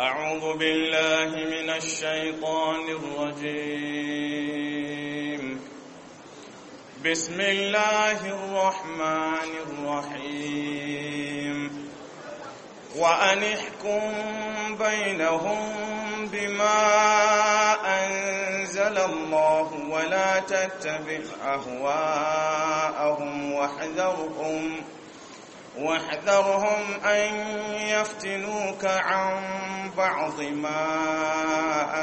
أعوذ بالله من الشيطان الرجيم بسم الله الرحمن الرحيم وأن احكم بينهم بما أنزل الله ولا تتبع أهواءهم واحذرهم واحذرهم أن يفتنوك عن بعض ما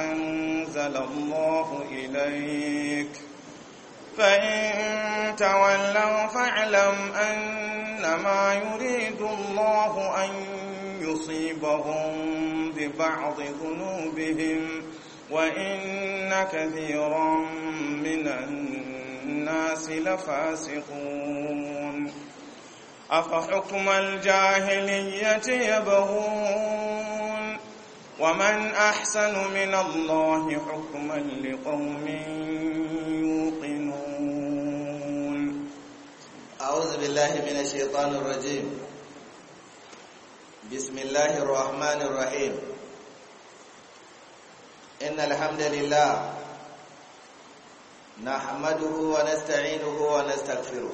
أنزل الله إليك فإن تولوا فاعلم أنما يريد الله أن يصيبهم ببعض ذنوبهم وإن كثيرا من الناس لفاسقون أفحكم الجاهلية يبغون ومن أحسن من الله حكما لقوم يوقنون أعوذ بالله من الشيطان الرجيم بسم الله الرحمن الرحيم إن الحمد لله نحمده ونستعينه ونستغفره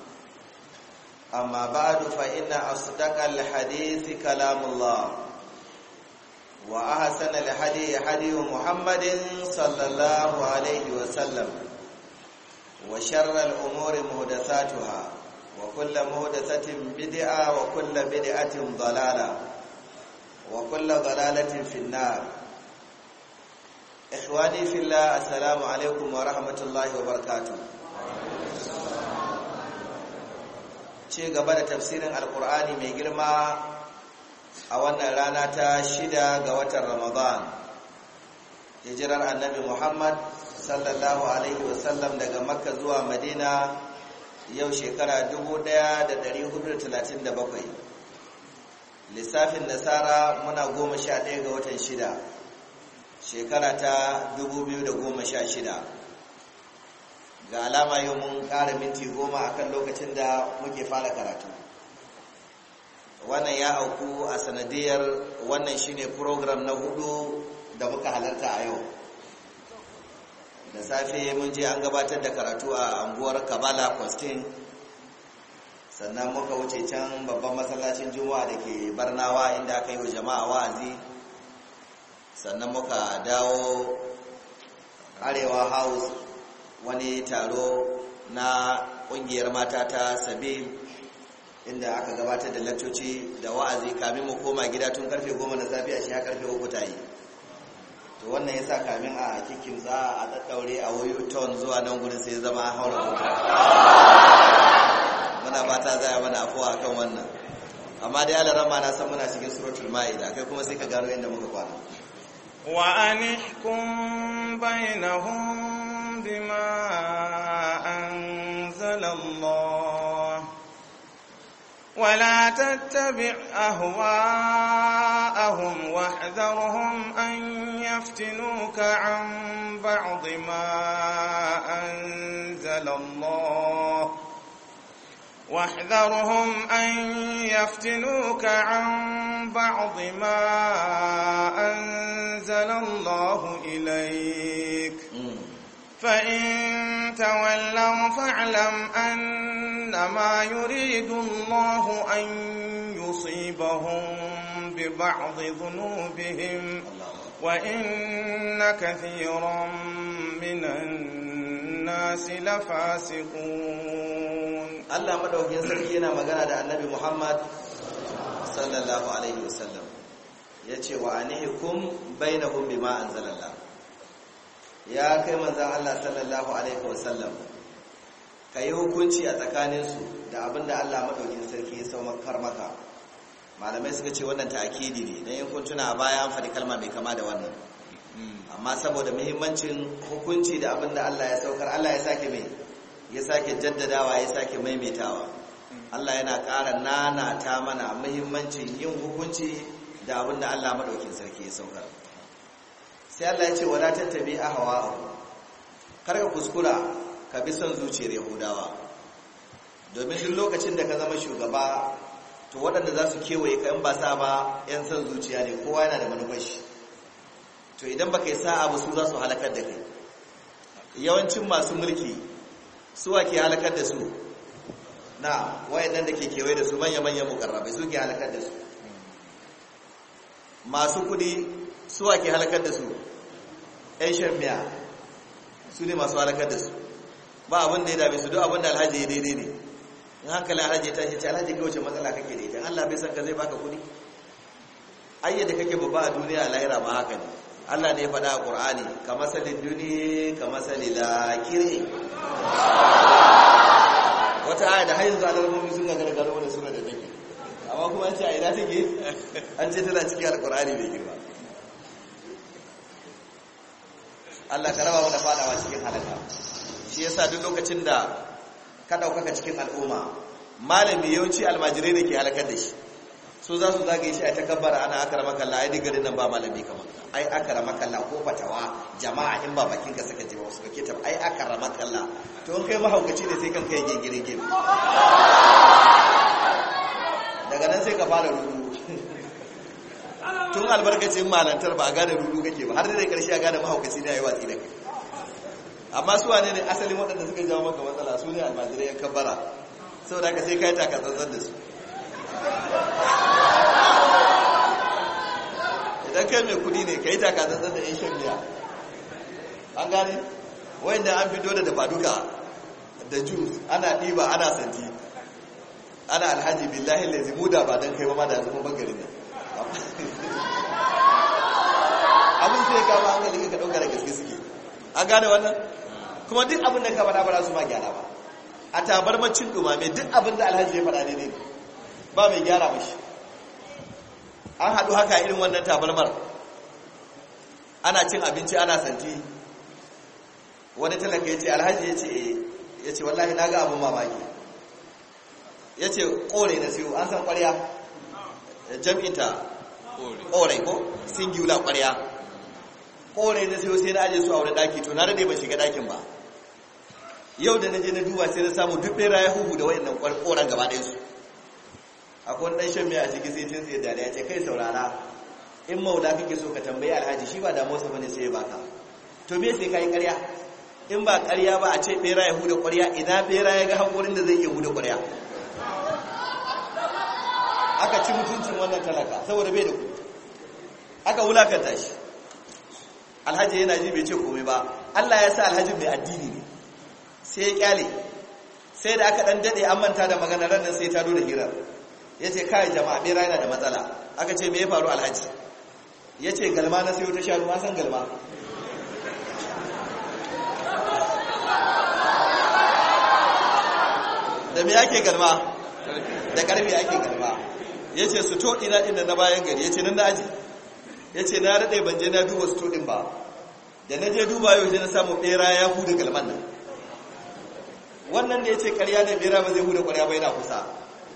أما بعد فإن أصدق الحديث كلام الله وأحسن الحديث حديث محمد صلى الله عليه وسلم وشر الأمور مهدثاتها وكل مهدثة بدعة وكل بدعة ضلالة وكل ضلالة في النار إخواني في الله السلام عليكم ورحمة الله وبركاته ce gaba da tafsirin alkur'ani mai girma a wannan rana ta shida ga watan ramadan hijirar annabi muhammad sallallahu alaihi wasallam daga makka zuwa madina yau shekara 1437 lissafin nasara muna goma sha ɗaya ga watan shida shekara ta 2016 ga alama yau mun kara minti goma a kan lokacin da muke fara karatu wannan ya auku a sanadiyar wannan shine program na hudu da muka halarta a yau da safe mun je an gabatar da karatu a anguwar kabala kwastin sannan muka wuce can babban masallacin juma'a da ke barnawa inda aka yi wa jama'a wa'azi sannan muka dawo arewa house wani taro na ƙungiyar mata ta sabi inda aka gabatar da lantoci da wa'azi kamin mu koma gida tun karfe goma na safiya shi ya karfe uku ta yi to wannan ya sa kamin a kikin za a daddaure a wayo town zuwa nan gudun sai zama haura mota muna fata za a mana afuwa a kan wannan amma dai alarama na san muna cikin suratul ma'ida kai kuma sai ka gano inda muka kwana وأن احكم بينهم بما أنزل الله ولا تتبع أهواءهم واحذرهم أن يفتنوك عن بعض ما أنزل الله واحذرهم أن يفتنوك عن بعض ما أنزل أحسن الله إليك فإن تولوا فاعلم أنما يريد الله أن يصيبهم ببعض ذنوبهم وإن كثيرا من الناس لفاسقون الله مدعوكين سرقينا مقالة النبي محمد صلى الله عليه وسلم ya ce wa na bainahum bima zalala ya kai manzan Allah sallallahu alaihi wasallam yi hukunci a tsakaninsu da abinda Allah madaukin sarki ya saukar maka malamai suka ce wannan ta'akidi ne dan yin kuntuna a baya an kalma mai kama da wannan amma saboda muhimmancin hukunci da abinda Allah ya saukar Allah ya sake mai ya sake jaddadawa ya sake maimaitawa Allah yana ƙara nanata mana muhimmancin yin hukunci da abin da Allah maɗaukin sarki ya saukar sai Allah ya ce wala tattabi hawa kar ka kuskura ka bi son zuciyar yahudawa domin duk lokacin da ka zama shugaba to waɗanda za su kewaye ka in ba sa ba yan son zuciya ne kowa yana da manufashi shi to idan baka yi sa'a ba su za su halakar da kai yawancin masu mulki wa ke halakar da su na wayannan da ke kewaye da su manya-manyan mukarrabai su ke halakar da su masu kudi su ke halakar da su yan shirmiya su ne masu halakar da su ba abin da ya dabe su duk abin da alhaji ya daidai ne in hankali alhaji ya tashi ce alhaji kai wace matsala kake da ita allah bai san ka zai baka kudi ayyada kake babba a duniya lahira ma haka ne Allah ne ya faɗa a ƙur'ani ka masalin duni ka masalin lakiri wata aya da hayin zalar mummi sun gagargaro amma kuma an ce a ina take an ce tana cikin alkur'ani mai girma Allah ka raba mana fadawa cikin halaka shi ya sa duk lokacin da ka ɗaukaka cikin al'umma malami yawanci almajirai ne ke halakar da shi su za su zage shi a ta kabbara ana rama kalla ai duk garin nan ba malami kamar ai aka rama kalla, ko fatawa jama'a in ba bakin ka saka jima wasu kake ta ai rama kalla. to kai mahaukaci ne sai kanka ya gingire gingire daga nan sai ka fara rudu tun albarkacin malantar ba a gane rudu kake ba har da karshe a gane mahaukaci ne a yi watsi da kai amma su wane ne asalin waɗanda suka jawo maka matsala su ne almajirai yan kabbara saboda haka sai ka yi tsantsan da su idan kai mai kudi ne ka yi tsantsan da yan shan biya an gane wayanda an fito da dafa da juice ana ɗiba ana santi ana alhaji billahi lazi mu da ba don kai ba ma da yanzu mun bangare ne abin sai ka ba gani ka dauka da gaske suke an gane wannan kuma duk abin da ka faɗa ba su ma gyara ba a tabarmacin dumame duk abin da alhaji ya faɗa daidai ne ba mai gyara ba shi an haɗu haka irin wannan tabarmar ana cin abinci ana santi wani talaka ya ce alhaji ya ce eh, wallahi na ga abin mamaki ya ce kore na siyo an san kwarya jam'inta kore ko singular kwarya kore na siyo sai na aje su a wani daki to na rade ban shiga dakin ba yau da na je na duba sai na samu duk bera ya huhu da wayannan koran gaba ɗaya su akwai ɗan shan mai a ciki sai tun tsaye dariya ce kai saurara in maula kake so ka tambayi alhaji shi ba da damuwarsa bane sai ya baka to me sai kai ƙarya in ba ƙarya ba a ce bera ya huda ƙarya ina bera ya ga hankulin da zai iya huda ƙarya aka ci mutuncin wannan talaka saboda bai da kuɗi aka wulakanta shi alhaji yana ji bai ce komai ba Allah ya sa alhaji mai addini ne sai ya kyale sai da aka dan dade an manta da magana rannan sai ta do da hirar ce kai jama'a bera yana da matsala aka ce me ya faru alhaji Ya ce galma na sayo ta shanu an san galma da me yake galma da karfi ake galma ya ce su to ina inda na bayan gari ya ce nan na aji ya ce na daɗe banje na duba su to ɗin ba da na je duba yau na samu ɓera ya huda galman nan wannan da ya ce ƙarya ne ɓera ba zai huda ƙwarya ba yana kusa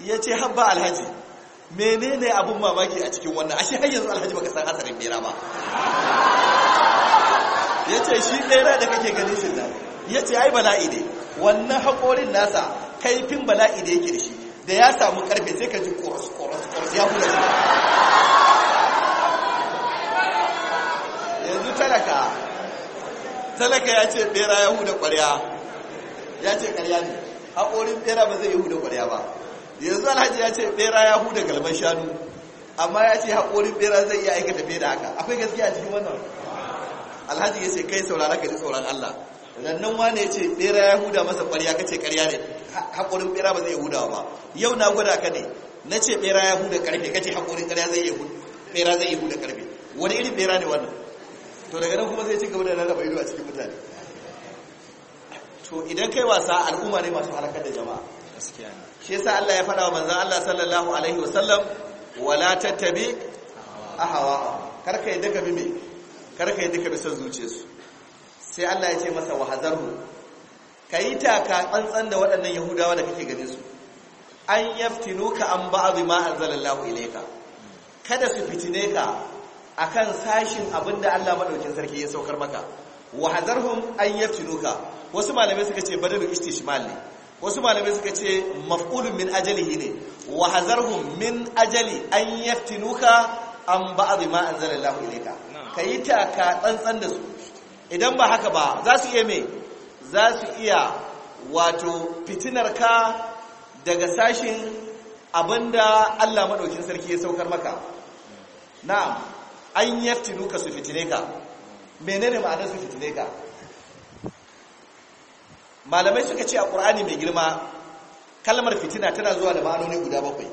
ya ce habba alhaji menene abin mamaki a cikin wannan ashe har yanzu alhaji baka san hasarin ɓera ba ya ce shi ɓera da kake ganin shi nan ya ce ai bala'i ne wannan haƙorin nasa kaifin bala'i da yake da shi da ya samu karfe sai ka ji koros koros koros ya hula shi yanzu talaka talaka ya ce bera ya huda kwarya ya ce karya ne haƙorin bera ba zai yi huda kwarya ba yanzu alhaji ya ce bera ya huda galban shanu amma ya ce haƙorin bera zai iya aikata fiye da haka akwai gaskiya cikin wannan alhaji ya ce kai saurara ka ji tsoron allah rannan wane ya ce bera ya huda masa ƙwarya ka ce ƙarya ne haƙorin bera ba zai hudawa ba yau na gwada ka ne na ce bera ya huda ƙarfe ka ce haƙorin ƙarya zai iya zai huda ƙarfe wani irin bera ne wannan to daga nan kuma zai ci gaba da rarraba ido a cikin mutane to idan kai wasa al'umma ne masu halakar da jama'a gaskiya ne shi yasa Allah ya faɗa wa manzon Allah sallallahu alaihi wasallam wala tattabi ahawa karka yadda ka bi me karka yadda ka bi son zuciyarsu sai Allah ya ce masa wahazarhu yi taka tsantsan da waɗannan yahudawa da kake ganin su an yaftinuka an ba'd ma anzalallahu ilayka kada su fitine ka akan sashin abinda Allah madaukin sarki ya saukar maka wahazarhum an yaftinuka wasu malamai suka ce badalu istishmal ne wasu malamai suka ce maf'ulun min ajalihi ne wahazarhum min ajali an yaftinuka an ba'd ma anzalallahu ilayka yi taka tsantsan da su idan ba haka ba za su iya mai za su iya wato ka daga sashin abinda Allah maɗaukin sarki ya saukar maka na an yafti nuka su fitine ka menene ma'anar su fitine ka malamai suka ce a ƙur'ani mai girma kalmar fitina tana zuwa da ma'anoni guda bakwai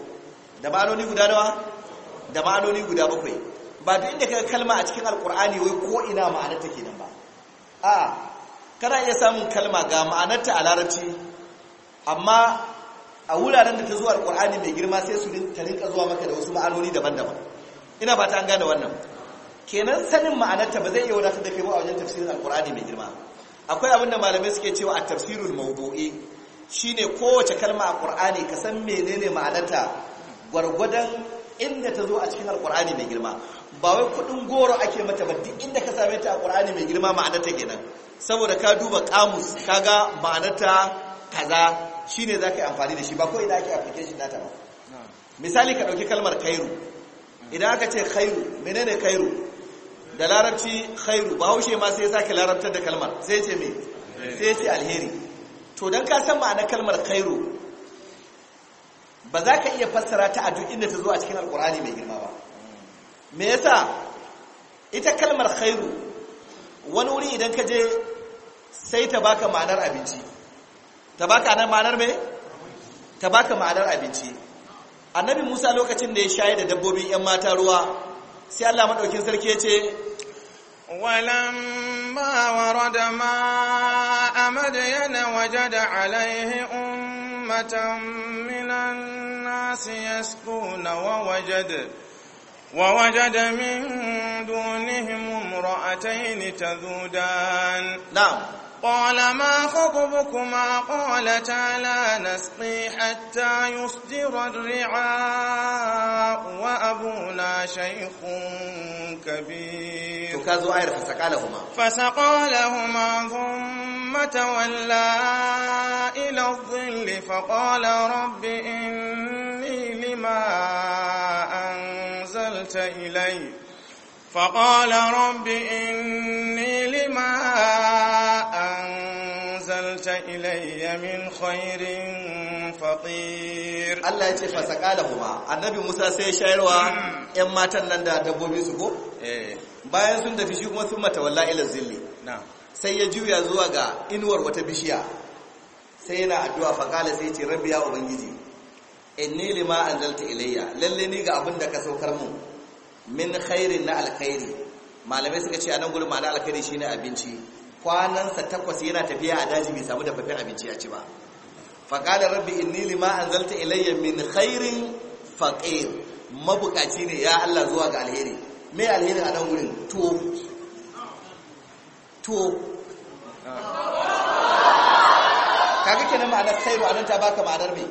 da ma'anoni guda nawa da ma'anoni guda bakwai ba duk inda kalma a cikin alƙur'ani wai ko ina ma'anar take nan ba a kana iya samun kalma ga ma'anarta a larabci amma a wuraren da ta zuwa alƙur'ani mai girma sai su ta rinka zuwa maka da wasu ma'anoni daban-daban ina ba an gane wannan kenan sanin ma'anarta ba zai iya wadatar da kai ba a wajen tafsirin alkur'ani mai girma akwai abin da malamai suke cewa a tafsirul mawdu'i shine kowace kalma a ƙur'ani ka san menene ma'anarta gwargwadon inda ta zo a cikin alkurani mai girma ba wai kudin goro ake mata ba duk inda ka same ta a Qur'ani mai girma ta kenan saboda ka duba kamus ma'ana ta kaza shine ka yi amfani da shi ba ko da ake application nata ba misali ka ɗauki kalmar kairu idan aka ce khairu menene kairu da larabci kairu ba haushe ma sai ya sake larabtar da kalmar sai ce me sai ce alheri to dan ka san ma'anar kalmar kairu ba za ka iya fassara ta a duk inda ta zo a cikin alkurani mai girma ba me yasa ita kalmar khairu wani wuri idan ka je sai ta baka ma'anar abinci ta baka nan ma'anar me ta baka ma'anar abinci annabi Musa lokacin da ya shaye da dabbobin yan mata ruwa sai Allah madaukin sarki ya ce ma warada ma'a waje wajada alaihi ummatan minan nas yasquna wa wajada ووجد من دونهم امرأتين تذودان نعم قال ما خطبكما قالتا لا نسقي حتى يصدر الرعاء وأبونا شيخ كبير تكازو آير فسقى لهما فسقى لهما ثم تولى إلى الظل فقال رب إني لما إليه فقال رب إني لما أنزلت إلي من خير فقير الله يتي فسقى النبي موسى matan nan da dabbobi su ko bayan sun tafi shi kuma sun mata walla ila zilli sai ya juya zuwa ga inuwar wata bishiya sai yana addu'a faƙala sai ce rabbi ya ubangiji inni lima anzalta ilayya lalle ni ga abin da ka saukar mun min khairin na alkhairi malamai suka ce a nan gurin ma'ana alkhairi shine abinci kwanansa takwas yana tafiya a daji bai samu dafaffen abinci ya ci ba faƙalar rabbi inni lima anzalta ilayya min khairin faqir mabukaci ne ya Allah zuwa ga alheri me alheri a nan gurin tuwo tuwo kaga kenan ma'anar khairu anan ta baka ma'anar me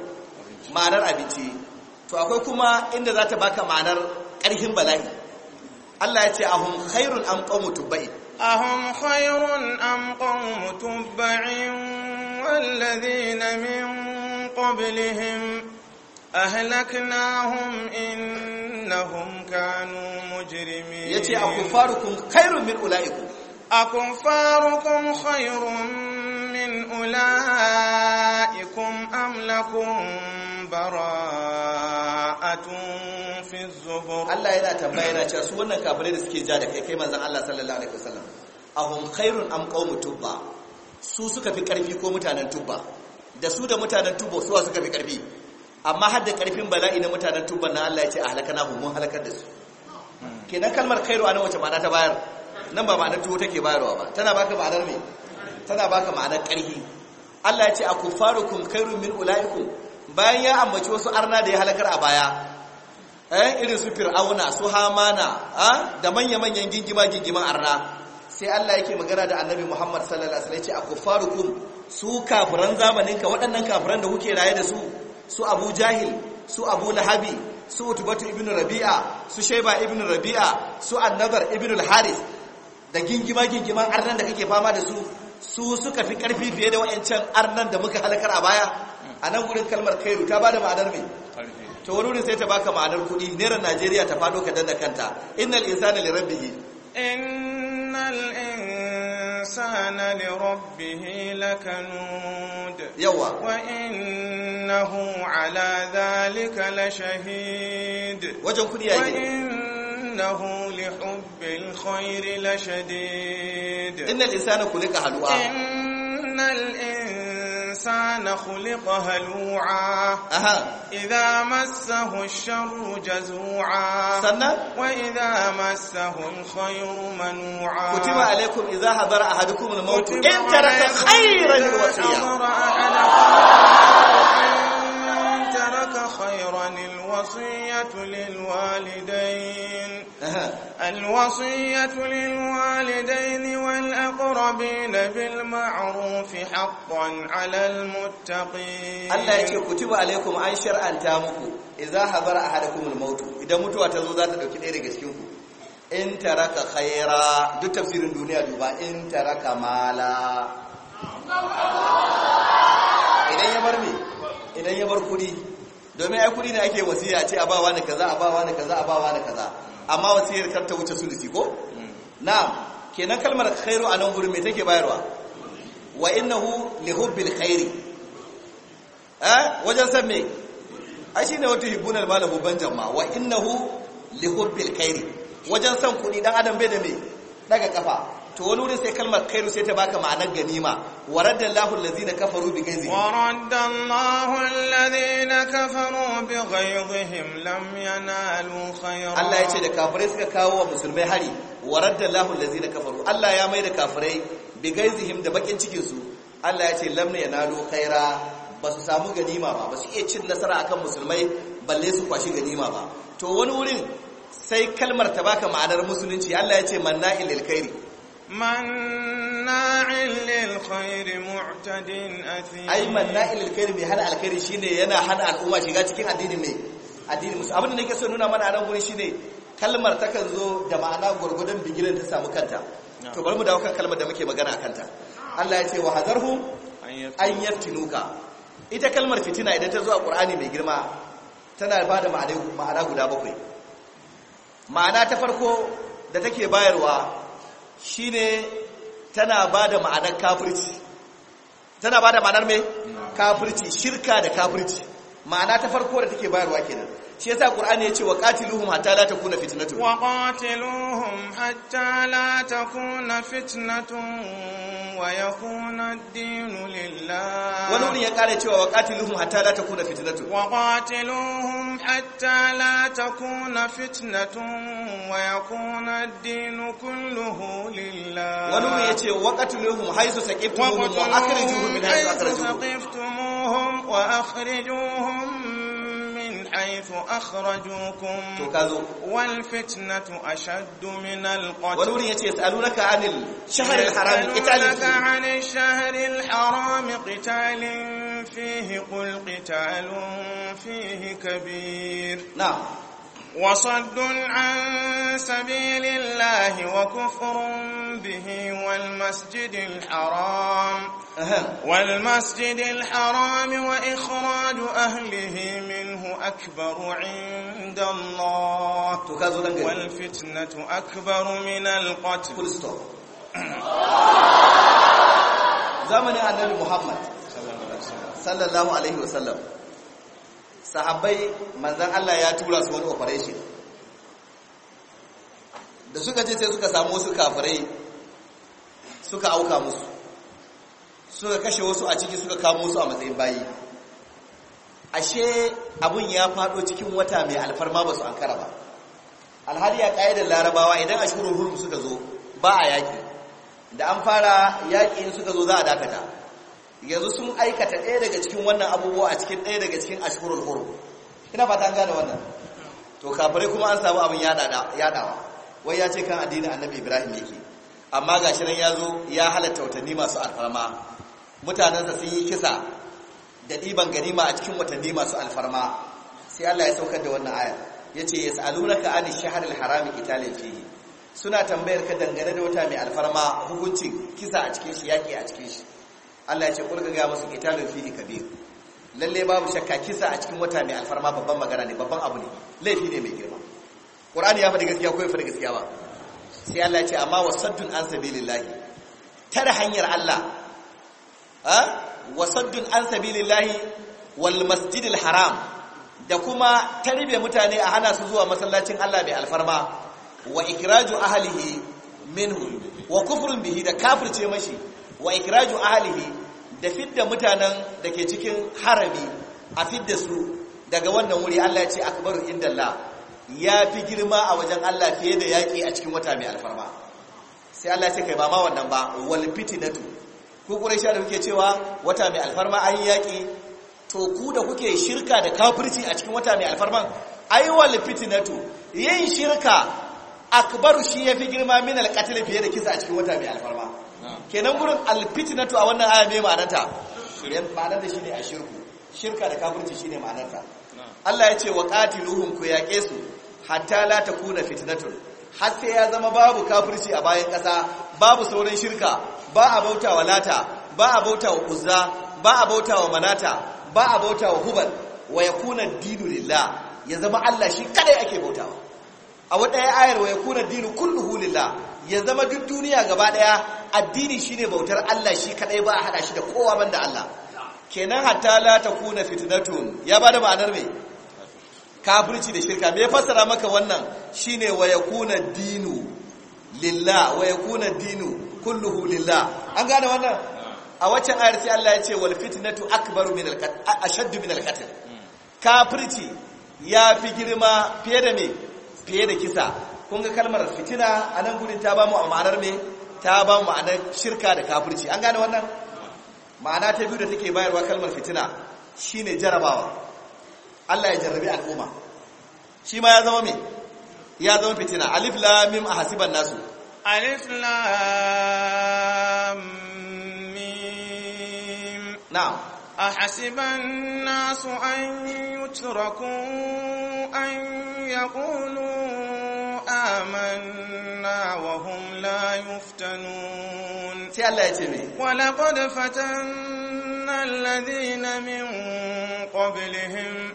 ma'anar abinci to akwai kuma inda za ta baka ma'anar ƙarfin bala'i Allah ya ce ahum khairun am qawmu tubba'in ahum khairun am qawmu wallazi na min na qablihim ahlaknahum innahum kanu mujrimin faru kun khairun min ulaikum أكفاركم خير من أولئكم أم لكم براءة في الزبر الله إذا tambaya yana cewa su wannan kafirai da suke الله صلى الله عليه وسلم أهم خير أم قوم ahum khairun am qaumu tubba su suka da su da mutanen tubo suwa suka fi karfi amma har da karfin bala'i na mutanen tubo na Allah ya ce a halakana mu halakar da su kenan kalmar khairu nan wace ma'ana ta bayar nan ba ma'anar tuwo take bayarwa ba tana baka ma'anar ne tana baka ma'anar ƙarfi Allah ya ce a kufarukum kairu min ula'iku bayan ya ambaci wasu arna da ya halakar a baya eh irin su fir'auna su hamana da manya-manyan gingima gingiman arna sai Allah yake magana da Annabi Muhammad sallallahu alaihi wasallam ya ce a kufarukum su kafiran ka. waɗannan kafiran da kuke raye da su su Abu Jahil su Abu Lahabi su Utbatu ibn Rabi'a su Shaiba ibn Rabi'a su Annadar ibn al-Harith da gingima gingiman arnan da kake fama da su su suka fi karfi fiye da wayancan arnan da muka halakar a baya a nan gurin kalmar kairu ta bada ma'anar mai ta wani wurin sai ta baka ma'anar kuɗi nera najeriya ta fado ka danna kanta innal insana li rabbihi innal insana li rabbihi lakanud yawa wa innahu ala dhalika lashahid wajen ya yi إنه لحب الخير لشديد إن الإنسان خلق هلوعا إن الإنسان خلق هلوعا أها. إذا مسه الشر جزوعا سنة. وإذا مسه الخير منوعا كتب عليكم إذا حضر أحدكم الموت إن ترك خيرا الوصية خيرا الوصية للوالدين الوصية للوالدين والأقربين بالمعروف حقا على المتقين الله يقول كتب عليكم أن شرعا تامكم إذا حضر أحدكم الموت إذا متوا تزو ذات دوكي ɗaya daga in taraka khaira duk tafsirin duniya duba in taraka mala idan ya bar me idan ya bar kudi domin ai kudi ne ake wasiya ce a bawa ni kaza a bawa ni kaza a bawa ni kaza amma wasiyar kar ta wuce sulusi ko na'am kenan kalmar khairu a nan gurin me take bayarwa wa innahu li hubbil khairi eh wajen san me ai shine wato hibbunal mala hubban jama wa innahu li hubbil khairi wajen san kudi dan adam bai da me daga kafa to wani wurin sai kalmar kairu sai ta baka ma'anar ganima waradda Allahu na kafaru bi ghayzihim waradda Allahu na kafaru bi ghayzihim lam yanalu khayra Allah ya ce da kafirai suka kawo wa musulmai hari waradda Allahu na kafaru Allah ya mai da kafirai bi zihim da bakin cikinsu. Allah Allah ce lam yanalu khayra ba su samu ganima ba ba su iya cin nasara akan musulmai balle su kwashi ganima ba to wani wurin sai kalmar ta baka ma'anar musulunci Allah ya ce manna ilil khairi مناع للخير معتد mai hana alkhairi shine yana hana al'umma shiga cikin addini mai. addini musu abinda da nake so nuna mana a nan guri shine kalmar ta kan zo da ma'ana gurgudan bigiran ta samu kanta to bari mu dawo kan kalmar da muke magana kanta Allah ya ce wa hazarhu an yaftinuka ita kalmar fitina idan ta zo a Qur'ani mai girma tana ba da ma'ana guda bakwai ma'ana ta farko da take bayarwa shine tana ba da ma'anar kafirci tana ba da ma'anar mai kafirci shirka da kafirci ma'ana ta farko da take bayarwa kenan shi yasa qur'ani yace wa qatiluhum hatta la takuna fitnatun wa qatiluhum hatta la takuna fitnatun wa yakuna ad-din lillah wani ya kare cewa wa qatiluhum hatta la takuna fitnatun wa qatiluhum hatta la takuna fitnatun wa yakuna ad-din kulluhu lillah wani wurin yace wa qatiluhum haythu saqiftumuhum wa akhrijuhum min haythu akhrijuhum wa akhrijuhum حيث أخرجوكم والفتنة أشد من القتل ولوري يسألونك عن الشهر الحرام يسألونك عن الشهر الحرام قتال فيه قل قتال فيه كبير نعم وصد عن سبيل الله وكفر به والمسجد الحرام والمسجد الحرام وإخراج أهله منه أكبر عند الله والفتنة أكبر من القتل زمن النبي محمد صلى الله عليه وسلم sahabbai manzan Allah ya tura su wani operation da suka ce sai suka samu wasu kafirai suka auka musu suka kashe wasu a ciki suka kamo su a matsayin bayi ashe abun ya fado cikin wata mai alfarma ba su ankara ba alhali ya ƙa'idar larabawa idan a shi hurum suka zo ba a yaƙi da an fara yaƙi suka zo za a dakata yanzu sun aikata ɗaya daga cikin wannan abubuwa a cikin ɗaya daga cikin ashirin hurum ina fata an gane wannan to kafirai kuma an samu abin yadawa wai ya ce kan addini annabi ibrahim yake amma gashi nan ya zo ya halatta watanni masu alfarma mutanensa sun yi kisa da ɗiban ganima a cikin watanni masu alfarma sai Allah ya saukar da wannan ayar ya ce yas'alunaka ani shahril harami italiya ce suna tambayar ka dangane da wata mai alfarma hukuncin kisa a cikin shi yaƙi a cikin shi Allah ya ce kurka ga musu qitalun fihi kabir lalle babu shakka kisa a cikin wata mai alfarma babban magana ne babban abu ne laifi ne mai girma qur'ani ya faɗi gaskiya ko ya faɗi gaskiya ba sai Allah ya ce amma wasaddun an sabilillah tare hanyar Allah ha wasaddun an sabilillah wal masjidil haram da kuma tarbe mutane a hana su zuwa masallacin Allah mai alfarma wa ikraju ahlihi minhu wa kufrun bihi da kafirce mashi wa ikraju ahlihi da fidda mutanen da ke cikin harami a fidda su daga wannan wuri Allah ya ce akbaru Allah ya fi girma a wajen Allah fiye da yaƙi a cikin wata mai alfarma sai Allah ya ce kai ba ma wannan ba wal fitnatu ku quraisha da kuke cewa wata mai alfarma ai yaƙi to ku da kuke shirka da kafirci a cikin wata mai alfarman ai wal fitnatu yin shirka akbaru shi yafi girma min alqatl fiye da kisa a cikin wata mai alfarma kenan gurin alfitinatu a wannan aya ma'anata. ma'anarta shiryan ma'anar da shine a shirku shirka da kafirci shine ma'anarta Allah ya ce wa qatiluhum ku ya su hatta la takuna fitnatun har sai ya zama babu kafirci a bayan ƙasa babu sauran shirka ba a bauta wa lata ba a bauta wa uzza ba a bauta wa manata ba a bauta wa hubal wa yakuna dinu lillah ya zama Allah shi kadai ake bautawa a wata ayar wa yakuna dinu kulluhu lillah ya zama duk duniya gaba daya addini shine bautar Allah shi kadai ba a hada shi da kowa banda Allah kenan hatta la takuna fitnatun ya bada ma'anar me kafirci da shirka me fassara maka wannan shine wa yakuna dinu lillah wa yakuna dinu kulluhu lillah an gane wannan a waccan ayar Allah ya ce wal fitnatu akbaru min al ashaddu min al qatl kafirci ya fi girma fiye da me fiye da kisa Kunga kalmar fitina a nan gudun ta ba mu a ma'anar me ta ba mu ma'anar shirka da kafirci an gane wannan ma'ana ta biyu da take bayarwa kalmar fitina shine jarabawa Allah ya jarrabi al'umma shi ma ya zama mai ya zama fitina alif lam mim hasiban nasu alif la mim na'am أحسب الناس أن يتركوا أن يقولوا آمنا وهم لا يفتنون ولقد فتنا الذين من قبلهم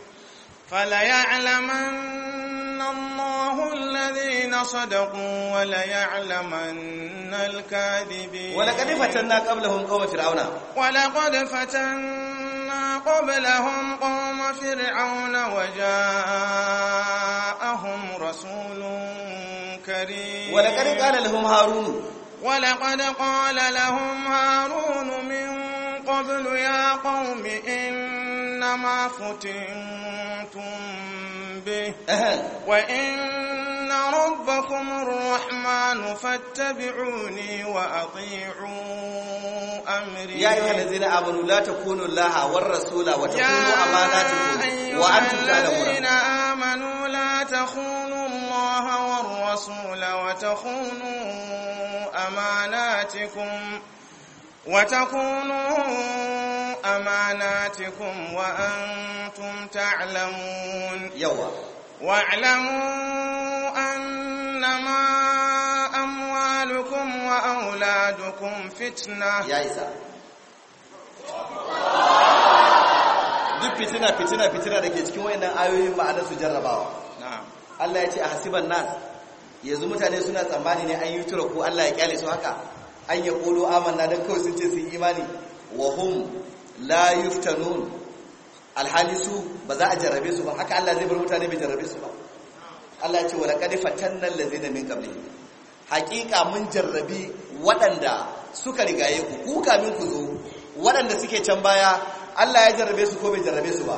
فليعلمن الله الذين صدقوا وليعلمن الكاذبين ولقد فتنا قبلهم قوم فرعون ولقد فتنا قبلهم قوم فرعون وجاءهم رسول كريم ولقد قال لهم هارون ولقد قال لهم هارون من قبل يا قوم إنما فتنتم به وإن ربكم الرحمن فاتبعوني وأطيعوا أمري يا أيها الذين آمنوا لا تكونوا الله والرسول وتكونوا أماناتكم وأنتم تعلمون تخونوا الله والرسول وتخونوا أماناتكم وتكونوا أماناتكم وأنتم تعلمون يوا واعلموا أنما أموالكم وأولادكم فتنة يا إسا duk fitina fitina fitina da ke cikin wayannan ayoyin ma'ana su jarrabawa Allah ya ce a hasiban nan yanzu mutane suna tsammani ne an yi tura ko Allah ya kyale su haka an ya ƙulu amanna don kawai sun ce sun imani wa la yuftanun alhalisu ba za a jarrabe su ba haka Allah zai bar mutane bai jarrabe su ba Allah ya ce wa laqad fatanna allazina min qablihim haƙiƙa mun jarrabi waɗanda suka rigaye ku ku kamin ku zo waɗanda suke can baya Allah ya jarrabe su ko bai jarrabe su ba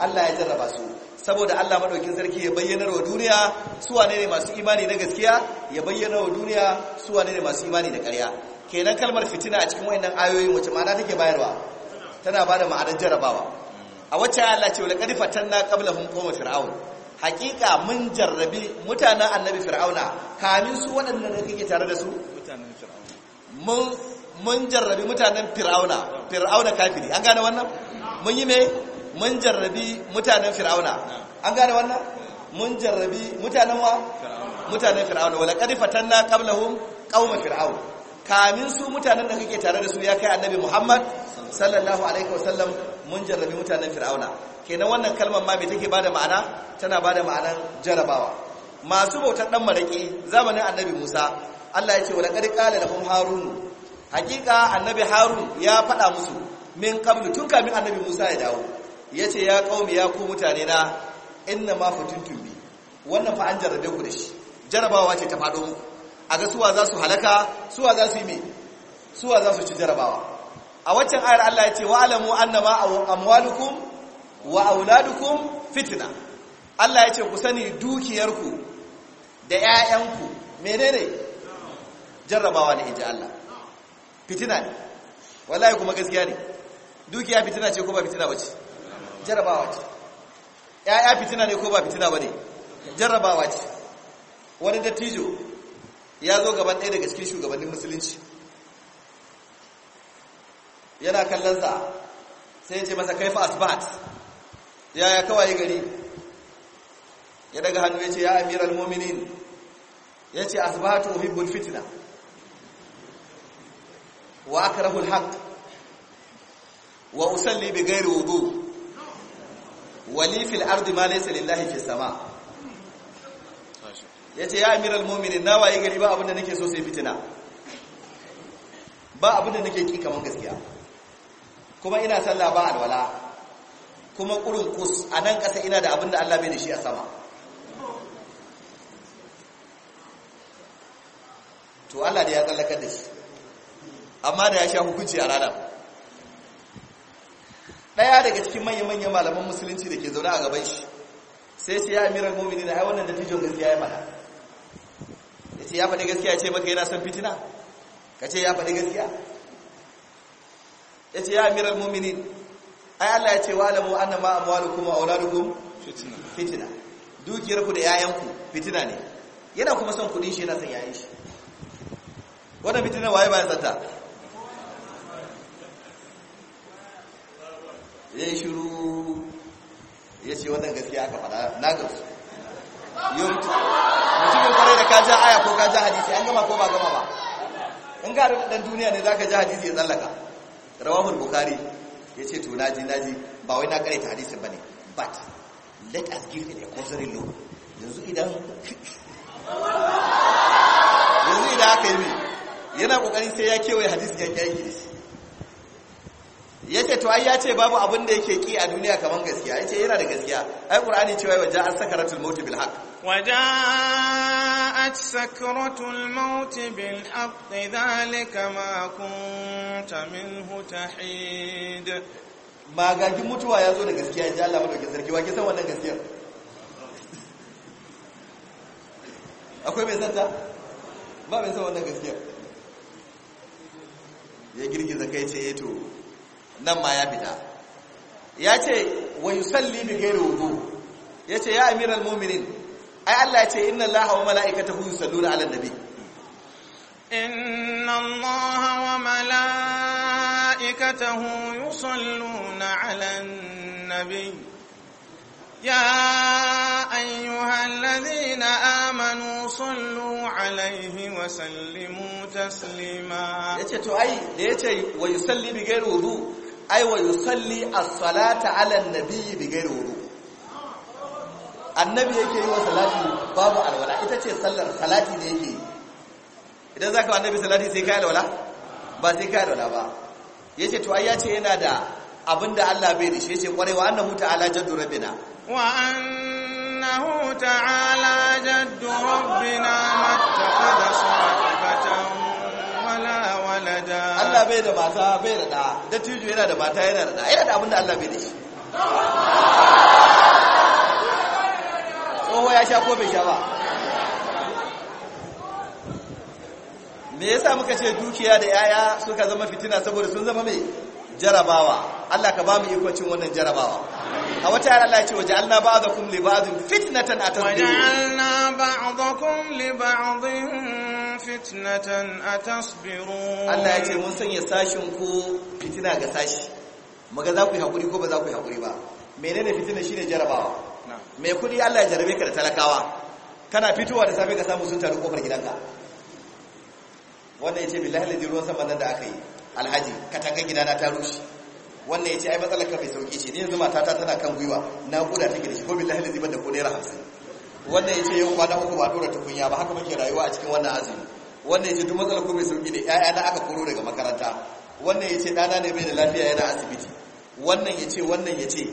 Allah ya jarraba su saboda Allah madaukin sarki ya bayyana wa duniya su wane ne masu imani na gaskiya ya bayyana wa duniya su wane ne masu imani da ƙarya kenan kalmar fitina a cikin wayannan ayoyin wacce ma'ana take bayarwa tana bada ma'anar jarabawa a wacce Allah ce laqad fatanna qablahum qawm fir'aun haƙiƙa mun jarrabi mutanen annabi fir'auna kamin su waɗannan da kike tare da su mun jarrabi mutanen fir'auna fir'auna kafiri an gane wannan mun yi me mun jarrabi mutanen fir'auna an gane wannan mun jarrabi mutanen wa mutanen fir'auna wala qad fatanna qablahum qauma fir'aun kamin su mutanen da kake tare da su ya kai annabi muhammad sallallahu alaihi wasallam mun jarrabi mutanen fir'auna kenan wannan kalmar ma me take bada ma'ana tana bada ma'anan jarabawa masu bautar dan maraki zamanin annabi musa allah ya ce wala qad qala lahum harun hakika annabi harun ya faɗa musu min qablu tun kamin annabi musa ya dawo ya ce ya ƙaumi ya ku mutane na inna ma fitintun bi wannan fa an ku da shi jarabawa ce ta faɗo a ga suwa za su halaka suwa za su yi me suwa za su ci jarabawa a waccan ayar Allah ya ce wa alamu annama amwalukum wa auladukum fitna Allah ya ce ku sani dukiyarku da ƴaƴanku menene jarabawa ne inji Allah fitina ne wallahi kuma gaskiya ne dukiya fitina ce ko ba fitina ce. jarabawa ce ya'ya fitina ne ko ba fitina ba ne jarabawa ce wani dattijo ya zo gaban ɗaya daga cikin shugabannin musulunci yana kallonsa sai ya ce masa kaifa asbat yaya kawai gari ya daga hannu ya ce ya amiral mominin ya ce asbatu uhibbul fitina wa aka rahul haqq wa usalli bi ghairi wudu wali fil ardi ma laysa lillahi fis sama yace ya amiral mu'minin na waye gari ba abin da nake so sai fitina ba abin da nake ki kaman gaskiya kuma ina sallah ba alwala kuma kurun kus a nan ƙasa ina da abin da Allah bai da shi a sama to Allah da ya tsallakar da shi amma da ya sha hukunci a ranar daya daga cikin manya-manyan malaman musulunci da ke zaune a gaban shi sai sai ya amiran mumini na haiwanan da tijon gaskiya ya mana ya ce ya faɗi gaskiya ce maka yana son fitina ka ce ya faɗi gaskiya ya ce ya amiran mumini ai Allah ya ce wa alamu nama ma amwalukum wa a fitina fitina dukiyarku da yayanku fitina ne yana kuma son kudin shi yana son yayin shi wannan fitina waye ba ya tsata ya yi shiru ya ce wannan gaskiya aka faɗa na gamsu yau mutumin kwarai da ka ja aya ko ka ja hadisi an gama ko ba gama ba in ga rufe duniya ne za ka ja hadisi ya tsallaka rawahul bukari ya ce to naji naji ba wai na ta hadisi ba ne but let us give it a contrary look yanzu idan yanzu idan aka yi yana kokari sai ya kewaye hadisi ya kyaki ya ce to ai ya ce babu abin da yake ki a duniya kamar gaskiya ya ce yana da gaskiya ai qur'ani cewa wa ja'at sakaratul maut bil haqq wa ja'at sakaratul maut bil haqq dhalika ma kunta minhu tahid magagin mutuwa ya zo da gaskiya ya ji Allah madaukakin sarki wa ke san wannan gaskiyar akwai mai santa ba mai san wannan gaskiyar ya girgiza kai ce eh to nan ma ya fita ya ce wa yusalli bi ghairi wudu ya ce ya amiral mu'minin ai Allah ya ce inna Allaha wa mala'ikatahu yusalluna 'alan nabi inna Allaha wa mala'ikatahu yusalluna 'alan nabi يا amanu sallu alaihi wa عليه taslima. Ya ce to ai da ya ce wa yusalli bi ghairi wudu ai wa yusalli as-salata ala an-nabiyyi bighairi wudu annabi yake yi wa salati babu alwala ita ce sallar salati ne yake idan zaka annabi salati sai kai alwala ba sai kai alwala ba yace to ai yace yana da abinda Allah bai dace shi yace kwarewa annahu ta'ala jaddu rabbina wa annahu ta'ala jaddu rabbina mattakhadha sa'atan walada Allah bai da mata bai da da dattijo yana da mata yana da da yana da abinda Allah bai da shi ya sha ko bai sha ba me yasa muka ce dukiya da yaya suka zama fitina saboda sun zama mai jarabawa Allah ka ba mu iko cin wannan jarabawa a wata yana Allah ya ce waje alna zakum li ba'din fitnatan atasbiru ba ba'dakum li ba'din fitnatan atasbiru Allah ya ce mun sanya sashin ku fitina ga sashi maga za ku yi hakuri ko ba za ku yi hakuri ba menene fitina shine jarabawa mai kudi Allah ya jarabe ka da talakawa kana fitowa da safe ka samu sun taru kofar gidanka wanda ya ce billahi ladi ruwan sama nan da aka yi alhaji katangan gidana ta rushe wannan ya ce ai matsalar ka mai sauki ce ni yanzu matata tana kan gwiwa na kuda take da shi ko billahi lazi ban da ko naira hamsin wannan ya ce yau kwana uku ba dora tukunya ba haka muke rayuwa a cikin wannan azumi wannan ya ce duk matsalar ko mai sauki ne ƴaƴa na aka koro daga makaranta wannan ya ce ɗana ne bai da lafiya yana asibiti wannan ya ce wannan ya ce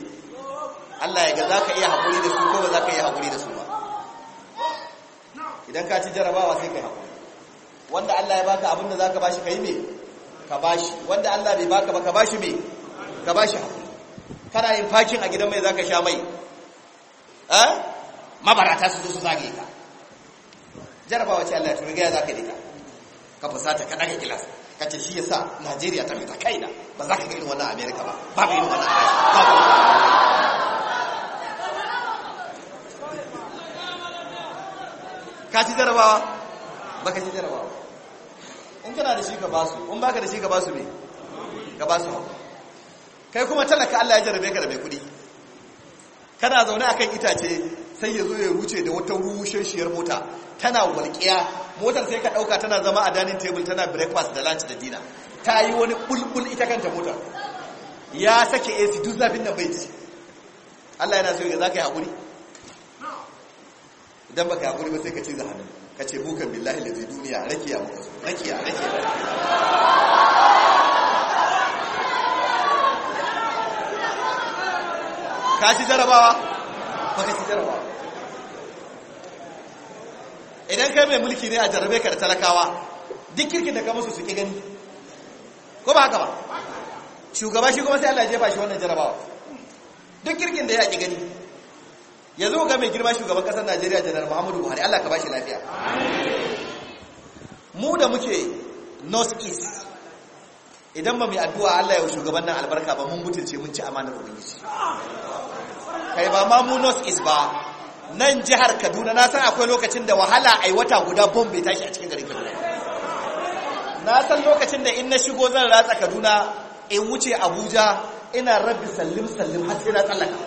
Allah ya ga za ka iya haƙuri da su ko ba za ka iya haƙuri da su ba idan ka ci jarabawa sai ka haƙuri wanda Allah ya baka abinda za ka bashi ka yi me ka bashi wanda Allah bai baka ba ka bashi me ka ba shi haƙuri kana yin fakin a gidan mai za ka sha mai mabarata su zo su zage ka jarabawa ce Allah ya turu gaya za ka dita ka fusata ka ɗaga gilas ka ce shi ya sa Najeriya ta fita kaina ba za ka ga irin wannan Amerika ba ba ka irin wannan Amerika ba ka ci jarabawa ba ka ci jarabawa in kana da shi ka basu in baka da shi ka basu ne ka basu haƙuri kai kuma talaka Allah ya jarabe ka da mai kuɗi kana zaune akan itace sai ya zo ya wuce da wata rushenshiyar mota tana walƙiya motar sai ka ɗauka tana zama a dining table tana breakfast da lunch da dina ta yi wani bulbul ita kanta motar ya sake AC duk zafin da bai ci Allah yana so ya za ka yi hakuri. idan baka hakuri ba sai ka ce za ka ce bukan billahi lazi duniya rakiya rakiya rakiya ka jarabawa ba ka jarabawa idan kai mai mulki ne a jarabe ka da talakawa duk kirkin da ka musu su ke gani ko ba haka ba shugaba shi kuma sai Allah jefa shi wannan jarabawa duk kirkin da ya ki gani yanzu ga mai girma shugaban kasar Najeriya janar Muhammadu Buhari Allah ka bashi lafiya mu da muke north east idan ba mai addu'a Allah ya shugaban nan albarka ba mun mutunce mun ci amanar ubangiji kai ba mamu mu north east ba nan jihar kaduna na san akwai lokacin da wahala yi wata guda bomb bai tashi a cikin garin kaduna na san lokacin da in na shigo zan ratsa kaduna in wuce abuja ina rabbi sallim sallim har sai na tsallaka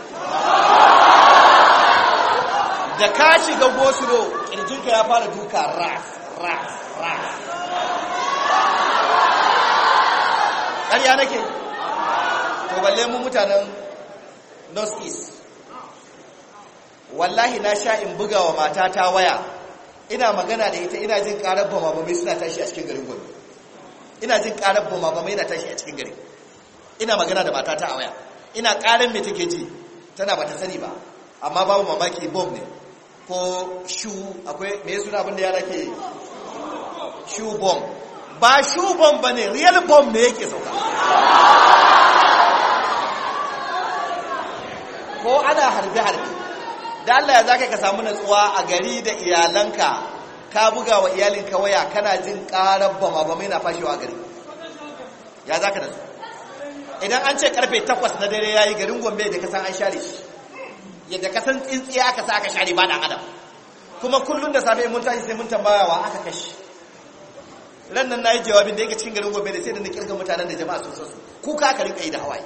da ka shiga gosulo kirjinka ya fara duka ras ras ras ƙarya nake to balle mu mutanen north east wallahi na sha in buga wa matata waya ina magana da ita ina jin karar bama bamai suna tashi a cikin garin gobe. ina jin karar bama bamai na tashi a cikin garin ina magana da matata a waya ina karar me take ji tana ta sani ba amma babu mamaki bom ne ko shu akwai me suna abin da yara ke shu bom ba shu bom ba ne, real bom ne yake sauka Allah ya zaka ka samu natsuwa a gari da iyalanka ka buga wa iyalinka waya kana jin karar bama na yana fashewa gari ya zaka da idan an ce karfe 8 na dare yayi garin Gombe da kasan an share shi yadda kasan tsintsiya aka sa aka share ba dan adam kuma kullun da safe mun tashi sai mun tambaya wa aka kashi ran nan nayi jawabin da yake cikin garin Gombe da sai da kirkan mutanen da jama'a sun sasu kuka ka rinka yi da hawaye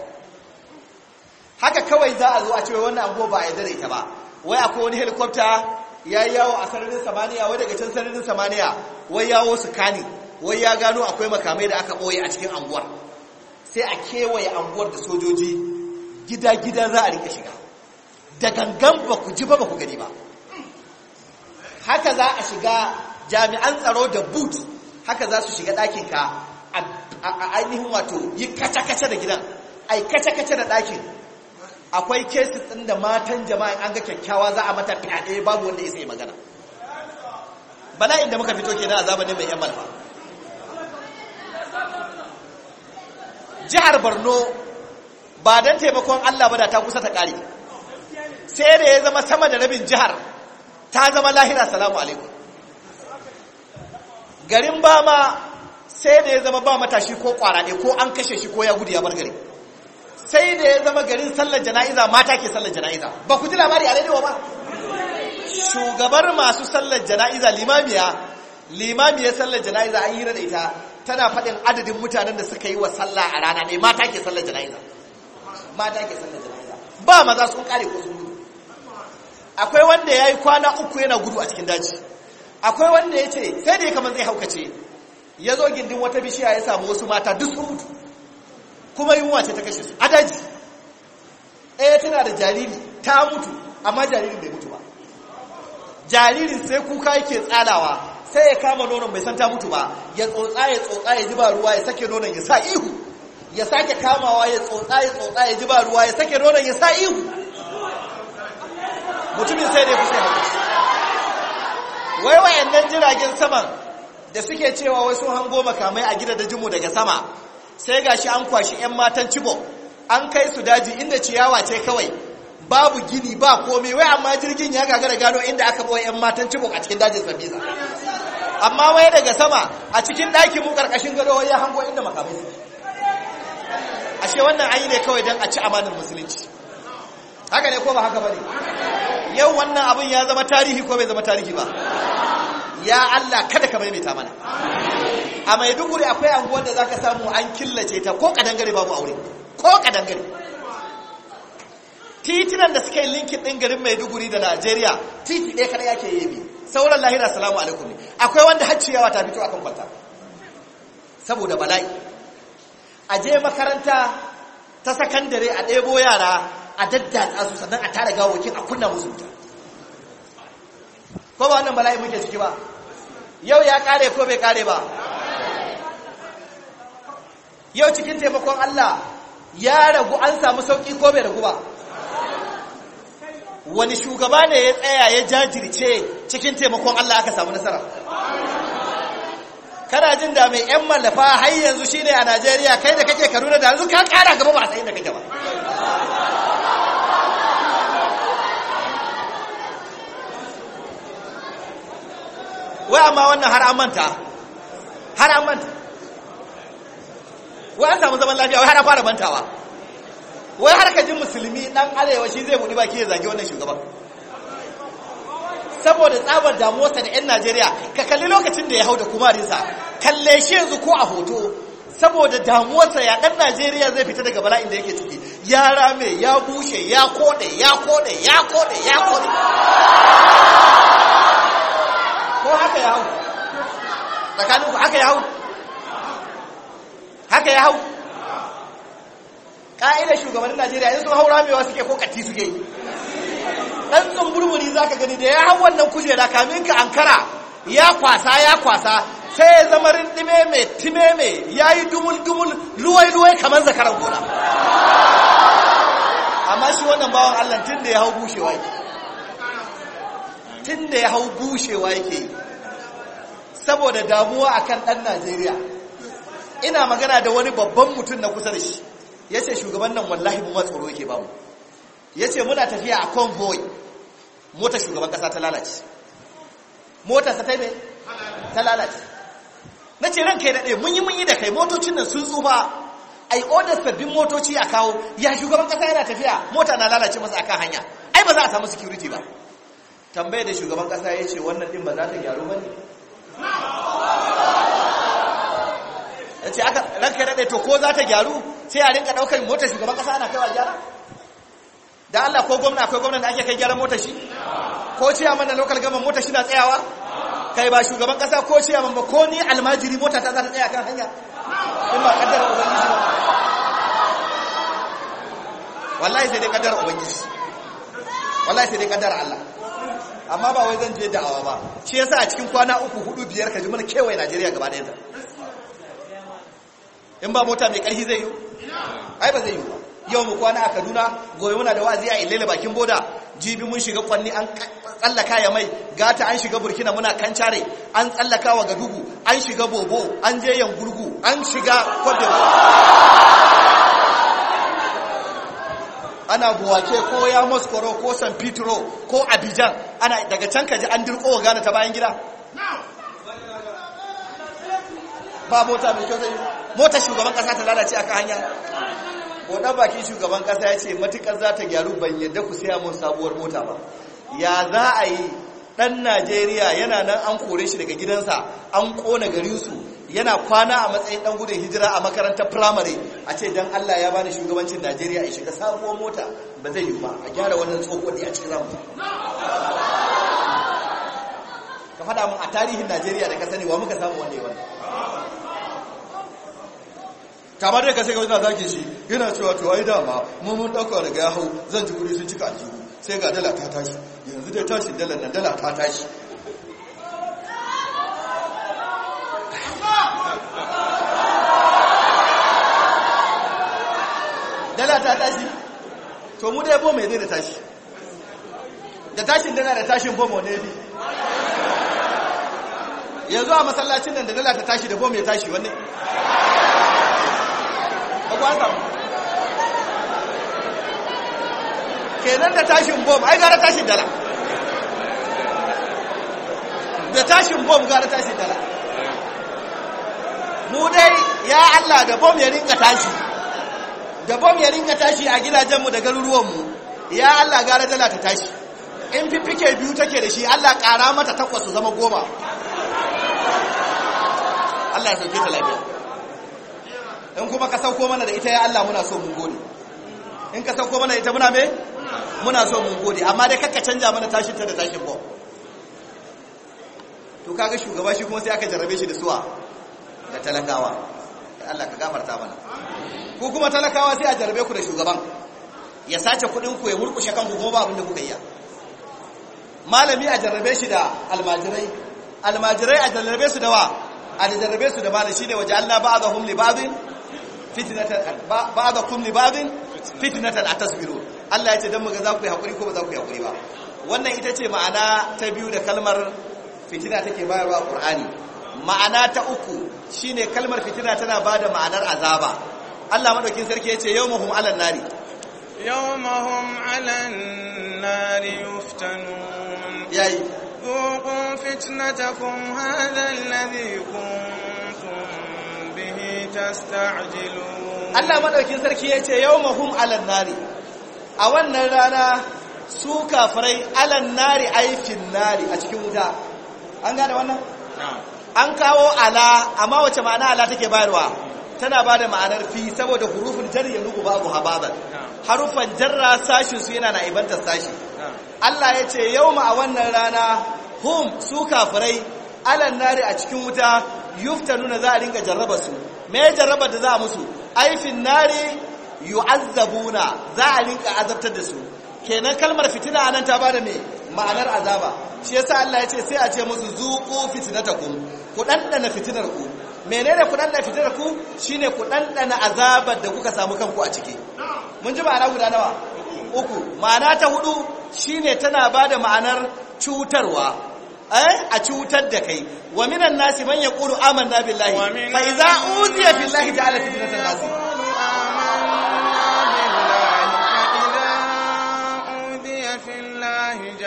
haka kawai za a zo a ce wannan ango ba ya dare ta ba wai akwai wani helicopter ya yi yawo a sararin samaniya wai daga can sararin samaniya wai yawo su kani wai ya gano akwai makamai da aka ɓoye a cikin anguwar sai a kewaye anguwar da sojoji gida-gida za a rike shiga da gangan ba ku ji ba ba ku gani ba haka za a shiga jami'an tsaro da boot haka za su shiga ɗakinka a ainihin wato yi kaca-kaca da gidan ai kaca-kaca da ɗakin akwai cases ɗin da matan jama'a an ga kyakkyawa za a mata fyaɗe babu wanda ya sai magana bala'in da muka fito na a zamanin mai yan malfa jihar borno ba don taimakon allah ba da ta kusa ta ƙare sai da ya zama sama da rabin jihar ta zama lahira salamu alaikum garin bama sai da ya zama ba matashi ko kwarade ko an kashe shi ko ya gudu ya bar gari sai da ya zama garin sallar jana'iza mata ke sallar jana'iza ba ku ji labari a rediyo ba shugabar masu sallar jana'iza limamiya Limamiya sallar jana'iza an hira da ita tana faɗin adadin mutanen da suka yi wa sallah a rana ne mata ke sallar jana'iza mata ke sallar jana'iza ba maza sun kare ko sun gudu akwai wanda ya yi kwana uku yana gudu a cikin daji akwai wanda ya ce sai da ya kamar zai haukace ya zo gindin wata bishiya ya samu wasu mata duk sun mutu kuma yunwa ce ta kashe su a daji ɗaya eh, tana da jariri ta mutu amma jaririn bai mutu ba jaririn sai kuka yake tsalawa sai ya kama nonon bai san ta mutu ba ya tsotsa ya tsotsa ya ji ba ruwa ya sake nonon ya sa ihu ya sake kamawa ya tsotsa ya tsotsa ya ji ba ruwa ya sake nonon ya sa ihu mutumin sai dai ya fusa wai wayannan jiragen saman da suke cewa wai sun hango makamai a gida da jimu daga sama sai ga shi an kwashi 'yan matan cibo an kai su daji inda ciyawa ce kawai babu gini ba komai wai amma jirgin ya gagara gano inda aka bawa 'yan matan cibo a cikin dajin sabisa amma wai daga sama a cikin ɗakin mu ƙarƙashin gado wai ya hango inda makamai su. ashe wannan an yi ne kawai don a ci amanar musulunci haka ne ko ba haka ba ne yau wannan abin ya zama tarihi ko bai zama tarihi ba ya Allah kada ka maimaita mana a maiduguri akwai anguwar da zaka samu an killace ta ko kadangare babu aure ko kadangare titinan da suka yi linkin din garin maiduguri da najeriya titi ɗaya kada yake yi bi sauran lahira salamu alaikum akwai wanda yawa ta fito akan kwanta saboda bala'i a je makaranta ta sakandare a ɗebo yara a daddatsa su sannan a tara gawokin a kunna musu wuta ko ba wannan bala'i muke ciki ba yau ya kare ko bai kare ba yau cikin taimakon Allah ya ragu an samu sauki ko bai ragu ba wani shugaba ne ya tsaya ya jajirce cikin taimakon Allah aka samu nasara kana jin da mai yan mallafa har yanzu shine a Najeriya kai da kake Kaduna da yanzu ka kara gaba ba sai da kake ba wai amma wannan har an manta har an manta wai an samu zaman lafiya wai har an fara mantawa wai har ka jin musulmi dan arewa shi zai budi baki ya zage wannan shugaban saboda tsabar damuwarsa da 'yan najeriya ka kalli lokacin da ya hau da kuma kumarinsa kalle shi yanzu ko a hoto saboda damuwarsa ya ɗan najeriya zai fita daga bala'in da yake ciki ya rame ya bushe ya kode ya kode ya kode ya kode ko haka ya hau tsakanin ku haka ya hau haka ya hau ƙa'idar shugabannin najeriya yanzu hau ramewa suke ko kati suke yi ɗan burburi za ka gani da ya hau wannan kujera kamin ka ankara ya kwasa ya kwasa sai ya zama rindime mai time mai ya yi dumul-dumul luwai-luwai kamar zakarar gona amma shi wannan bawan allah tun da ya hau bushewa yi tun da ya hau bushewa yake yi saboda damuwa akan ɗan najeriya ina magana da wani babban mutum na kusa da shi ya ce shugaban nan wallahi mu matsoro yake bamu ya ce muna tafiya a convoy mota shugaban ƙasa ta lalace motarsa ta yi ta lalace na ce ranka ya daɗe mun yi mun yi da kai motocin nan sun tsufa yi odar sabbin motoci a kawo ya shugaban kasa yana tafiya mota na lalace masa kan hanya ai ba za a samu security ba tambaye da shugaban kasa ya ce wannan din ba za ta gyaru ba ne ya ce aka ranka raɗe to ko za ta gyaru sai a rinka ɗaukar motar shugaban kasa ana kaiwa gyara da Allah ko gwamna akwai gwamna da ake kai gyaran motar shi ko ce a mana lokal gama motar shi na tsayawa kai ba shugaban kasa ko ce a ba ko ni almajiri mota ta za ta tsaya kan hanya in ba kaddar ubangiji ba wallahi sai dai kaddar ubangiji wallahi sai dai kaddar Allah amma ba wai zan je da'awa ba shi yasa a cikin kwana uku hudu biyar ka ji mana kewaye najeriya gaba ɗaya in ba mota mai ƙarfi zai yi ai ba zai yi ba yau mu kwana a kaduna gobe muna da wazi a ilele bakin boda jibi mun shiga kwanni an tsallaka ya mai gata an shiga burkina muna kan care. an tsallaka wa gadugu an shiga bobo an je yangurgu an shiga kwadda ana buwake ko ya moskoro ko san ko abidjan ana daga can kaji an dirko Gana ta bayan gida ba mota mai kyau zai mota shugaban kasa ta lalace aka hanya wadda bakin shugaban kasa ya ce matukar za ta gyaru ban yadda ku siya mun sabuwar mota ba ya za a yi dan najeriya yana nan an kore shi daga gidansa an kona garinsu yana kwana a matsayin dan gudun hijira a makarantar firamare a ce dan Allah ya bani shugabancin Najeriya ya shiga sabuwar mota ba zai yi ba a gyara wannan tsokoɗi a cikin ramu ka faɗa mun a tarihin Najeriya da ka sani wa muka samu wanda yawan kamar da ka sai kawai na zaki shi yana cewa to ai dama mummun mun ɗauka daga ya zan ji kuɗi sun cika aljihu sai ga dala ta tashi yanzu dai tashi dala na dala ta tashi dala ta tashi to mu dai bom yanzu da tashi da tashin dala da tashin bom ne bi yanzu a masallacin nan da dala ta tashi da bom ya tashi wanne ba ku an kenan da tashin bom ai gara tashin dala da tashin bom gara tashin dala mu dai ya Allah da bom ya rinka tashi da bom ya rinka tashi a gidajenmu da garuruwanmu ya Allah gara dala ta tashi in fiffike biyu take da shi Allah ƙara mata takwas su zama goma Allah ya sauke ta lafiya in kuma ka sauko mana da ita ya Allah muna so mun gode in ka sauko mana ita muna me muna so mun gode amma dai kakka canja mana tashin ta da tashin bom to kaga shugaba shi kuma sai aka jarrabe shi da suwa da talakawa Allah ka gafarta mana ku kuma talakawa sai a jarabe ku da shugaban ya sace kudin ku ya murkushe kanku kuma ba abin da kuka yi malami a jarrabe shi da almajirai almajirai a jarrabe su da wa a jarrabe su da malami shine waje Allah azahum li ba'din fitnatan azakum li ba'din fitnatan atasbiru Allah ya ce dan muga za ku yi hakuri ko ba za ku yi hakuri ba wannan ita ce ma'ana ta biyu da kalmar fitina take bayarwa a Qur'ani ma'ana ta uku shine kalmar fitina tana bada ma'anar azaba Allah madaukin sarki yace yawmahum 'alan nari yawmahum 'alan nari yuftanun yayi ذوقوا فتنتكم هذا الذي كنتم به تستعجلون Allah madaukin sarki yace yawmahum 'alan nari a wannan rana su kafirai 'alan nari aikin nari a cikin wuta an gane wannan na'am an kawo ala amma wace ma'ana ala take bayarwa tana ba da ma'anar fi saboda hurufin jar ya rugu babu hababan harufan jarra sashin su yana na ibantar sashi Allah ya ce yau ma a wannan rana hum su kafirai alan nari a cikin wuta yufta nuna za a ringa jarraba su me jarraba da za a musu aifin nari yu'azzabuna za a ringa azabtar da su kenan kalmar fitina anan ta bada me ma'anar azaba shi yasa Allah ya ce sai a ce musu zuqu fitnatakum ku ɗanɗana fitinar ku menene ku ɗanɗana fitinar ku shine ku ɗanɗana azabar da kuka samu kanku a ciki mun ji ma'ana guda nawa uku ma'ana ta hudu shine tana bada ma'anar cutarwa eh? a cutar da kai wa minan nasi man yaqulu amanna billahi fa idza uziya billahi ta'ala fitnatun nasi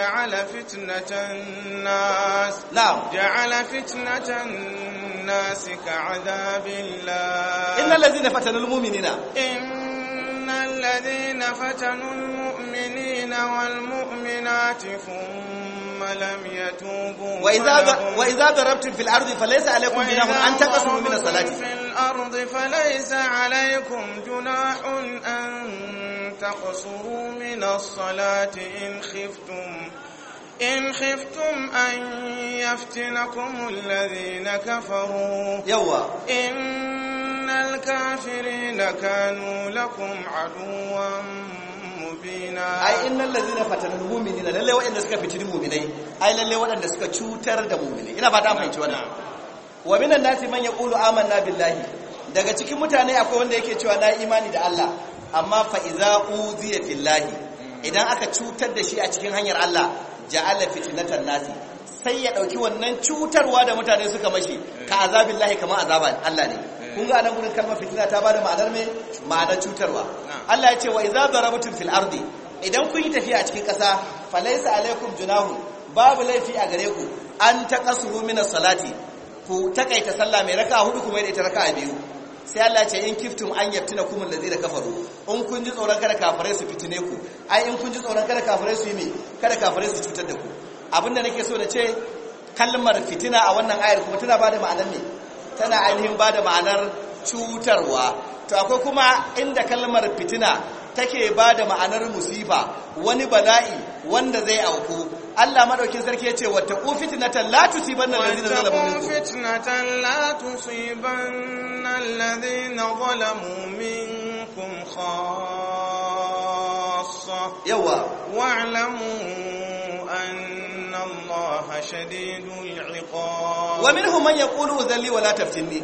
جعل فتنة الناس نعم جعل فتنة الناس كعذاب الله إن الذين فتنوا المؤمنين إن الذين فتنوا المؤمنين والمؤمنات ثم لم يتوبوا وإذا, وإذا ضربتم في الأرض فليس عليكم جناح أن تقصروا من الصلاة في الأرض فليس عليكم جناح أن تقصروا من الصلاة إن خفتم إن خفتم أن يفتنكم الذين كفروا يوا إن الكافرين كانوا لكم عدوا mubina ai innal ladina fatanul mu'minina lalle waɗanda suka fitini mu'minai ai lalle waɗanda suka cutar da mu'minai ina fata fahimci wannan wa minan nasi man yaqulu amanna billahi daga cikin mutane akwai wanda yake cewa na imani da Allah amma fa iza uziya billahi idan aka cutar da shi a cikin hanyar Allah ja'ala fitnatan nasi sai ya dauki wannan cutarwa da mutane suka mashi ka eh. azabillahi kama azaban Allah ne eh. kun ga nan gurin kalmar fitina ta bada ma'anar me ma'anar cutarwa Allah ya ce wa idza darabtum fil ardi idan kun yi tafiya a cikin ƙasa falaisa alaikum junahu babu laifi a gare ku an taqasuru minas salati ku takaita sallah mai raka hudu kuma da ita raka'a biyu sai Allah ce in kiftum an yaftina kum allazina kafaru in kun ji tsoron kada kafirai su fitine ku ai in kun ji tsoron kada kafirai su yi me kada kafirai su cutar da ku abinda nake so da ce kalmar fitina a wannan ayar kuma tana bada ma'anar ne tana ainihin bada ma'anar cutarwa to akwai kuma inda kalmar fitina take bada ma'anar musifa wani bala'i wanda zai auku Allah madaukin sarki yace wattaqu fitnatan la tusibanna alladhina zalamu minkum fitnatan la tusibanna alladhina zalamu minkum khassa yawa wa'lamu man yaqulu dhalli wa taftinni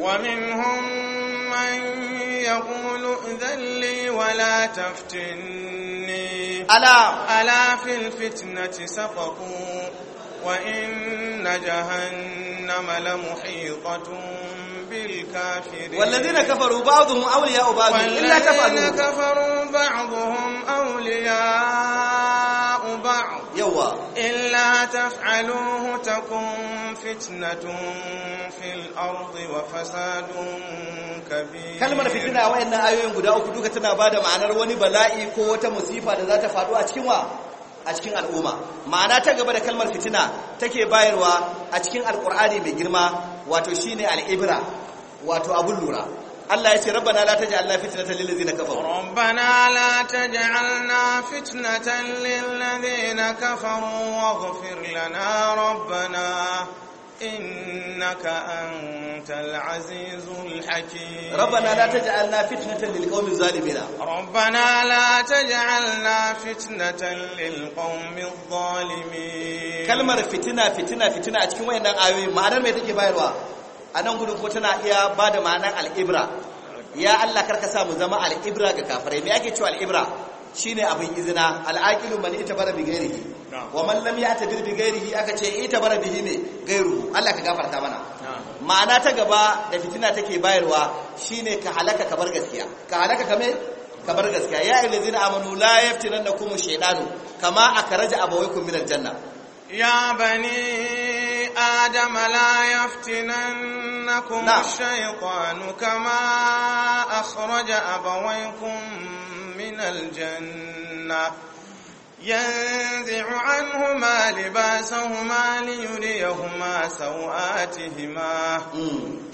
أن يقول ائذن لي ولا تفتني ألا ألا في الفتنة سفقوا وإن جهنم لمحيطة بالكافرين والذين كفروا بعضهم أولياء بعض إلا تفعلوا والذين كفروا بعضهم أولياء بعض يوا إلا تفعلوه تكن فتنة في الأرض وفساد كبير كلمة فتنة وإن آيوين قد أفدوك تنابادة معنى رواني بلائي قوة مصيفة ذات فعلوا أتكوا a cikin al'umma ma'ana ta gaba da kalmar fitina take bayarwa a cikin alkur'ani mai girma wato shine al'ibra wato abun lura Allah ya ce rabbana la taj'alna ta na ladzina kafaru rabbana la taj'alna fitnatan lil kafa kafaru waghfir lana rabbana innaka antal azizul hakim rabbana la taj'alna fitnatan lilqawmiz zalimin rabbana la taj'alna fitnatan lilqawmiz zalimin kalmar fitina fitina fitina a cikin wayannan ayoyi ma'anar me take bayarwa a nan gudun ko tana iya bada ma'anar al'ibra ya allah karka sa mu zama al'ibra ga kafirai me ake cewa al'ibra shine abin izina al'aqilu man itabara bi ghairihi wa man lam ya'tabir bi ghairihi aka ce ita bara bihi ne ghairuhu Allah ka gafarta mana ma'ana ta gaba da fitina take bayarwa shine ka halaka kabar gaskiya ka halaka kame kabar gaskiya ya ayyuhallazina amanu la yaftinannakum kuma shaytanu kama akraja abawaykum min al-janna ya bani آدم لا يفتننكم الشيطان كما أخرج أبويكم من الجنة ينزع عنهما لباسهما ليريهما سوآتهما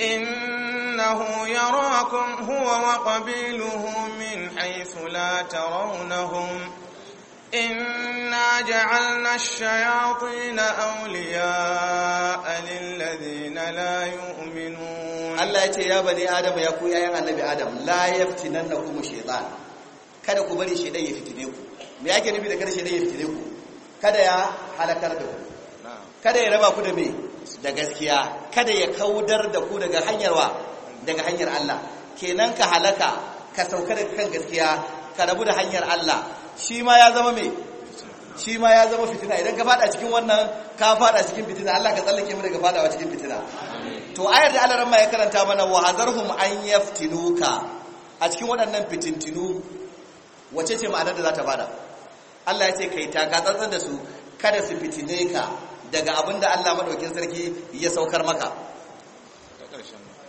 إنه يراكم هو وقبيله من حيث لا ترونهم إنا جعلنا الشياطين أولياء للذين لا يؤمنون الله يتي يا بني آدم يا كوي أيها النبي آدم لا يفتننكم الشيطان kada ku bari shaidan ya fitine ku me yake nufi da kada shaidan ya fitine ku kada ya halakar da ku kada ya raba ku da me da gaskiya kada ya kaudar da ku daga hanyar wa daga hanyar Allah kenan ka halaka ka sauka daga kan gaskiya ka rabu da hanyar Allah shi ma ya zama me shi ma ya zama fitina idan ka fada cikin wannan ka fada cikin fitina Allah ka tsallake mu daga fadawa cikin fitina to ayar da Allah ran ma ya karanta mana wa hazarhum an yaftinuka a cikin waɗannan fitintinu wace ce ma'anar da za ta bada Allah ya ce kai taka tsantsan da su kada su fitine ka daga abin da Allah madaukin sarki ya saukar maka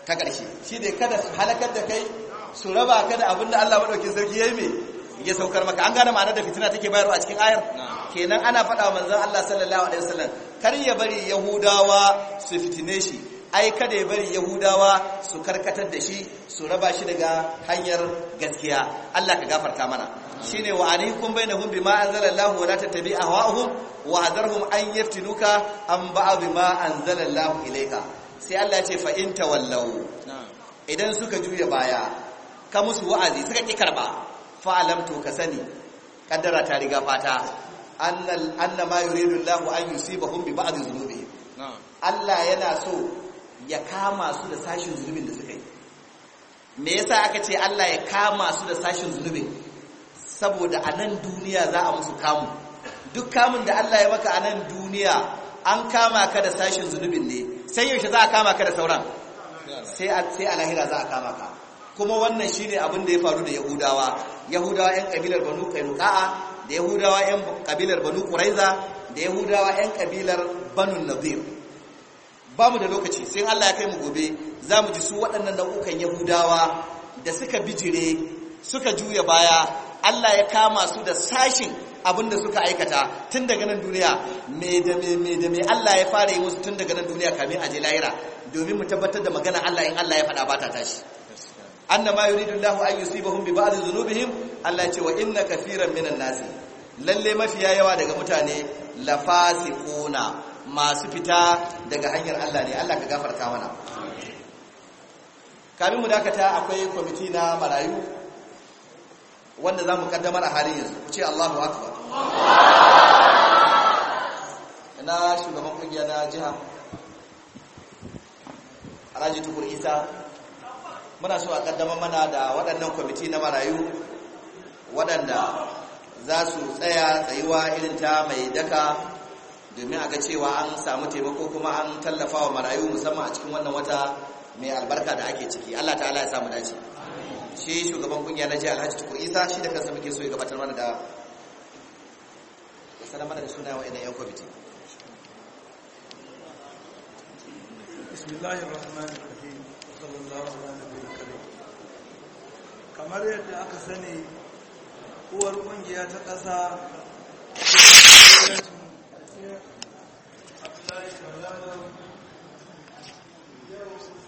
ta ƙarshe shi dai kada su halakar da kai su raba ka da abin da Allah madaukin sarki ya yi me ya saukar maka an gane ma'anar da fitina take bayarwa a cikin ayar kenan ana faɗa wa manzon Allah sallallahu alaihi wasallam kar ya bari yahudawa su fitine shi ai kada ya bari yahudawa su karkatar da shi su raba shi daga hanyar gaskiya Allah ka gafarta mana shine wa alaikum bainahum bima anzalallahu wa la tattabi ahwa'uhum wa hadarhum an yaftinuka an ba'd ma anzalallahu ilayka sai Allah ya ce fa in idan suka juya baya ka musu wa'azi suka ki karba fa alam to ka sani kaddara ta riga fata annal annama yuridu Allahu an yusibahum bi ba'd dhunubihim Allah yana so ya kama su da sashin zunubin da suka yi me yasa aka ce Allah ya kama su da sashin zunubin saboda a nan duniya za a musu kamu duk kamun da Allah ya maka a nan duniya an kama ka da sashin zunubin ne sai yaushe za a kama ka da sauran sai a lahira za a kama ka kuma wannan shine abin da ya faru da yahudawa yahudawa 'yan kabilar banu kainuka'a da yahudawa 'yan kabilar banu kuraiza da yahudawa 'yan kabilar banu nadir ba mu da lokaci sai Allah ya kai mu gobe za mu ji su waɗannan nau'ukan yahudawa da suka bijire suka juya baya Allah ya kama su da sashin abin da suka aikata tun daga nan duniya me da me Allah ya fara yi musu tun daga nan duniya kamin aje lahira domin mu tabbatar da magana Allah in Allah ya faɗa ba ta tashi annama yuridu Allahu an yusibahum bi ba'd dhunubihim Allah ce wa inna kafiran minan nasi lalle mafiya yawa daga mutane lafasiquna masu fita daga hanyar Allah ne Allah ka gafarta mana kamin mu dakata akwai kwamiti na marayu wanda za mu kaddamar a halin yanzu ku ce Allahu akbar na shugaban kungiya na jiha Alhaji Tukur Isa muna so a kaddamar mana da waɗannan kwamiti na marayu waɗanda za su tsaya tsayuwa irin ta mai daka domin a ga cewa an samu taimako kuma an tallafa wa marayu musamman a cikin wannan wata mai albarka da ake ciki Allah ta'ala ya samu dace shi shugaban kungiya na jihar hajji Tukur Isa shi da kansa muke so ya gabatar mana da sanar mana da suna wa yan kwamiti kamar yadda aka sani uwar kungiya ta kasa Gracias.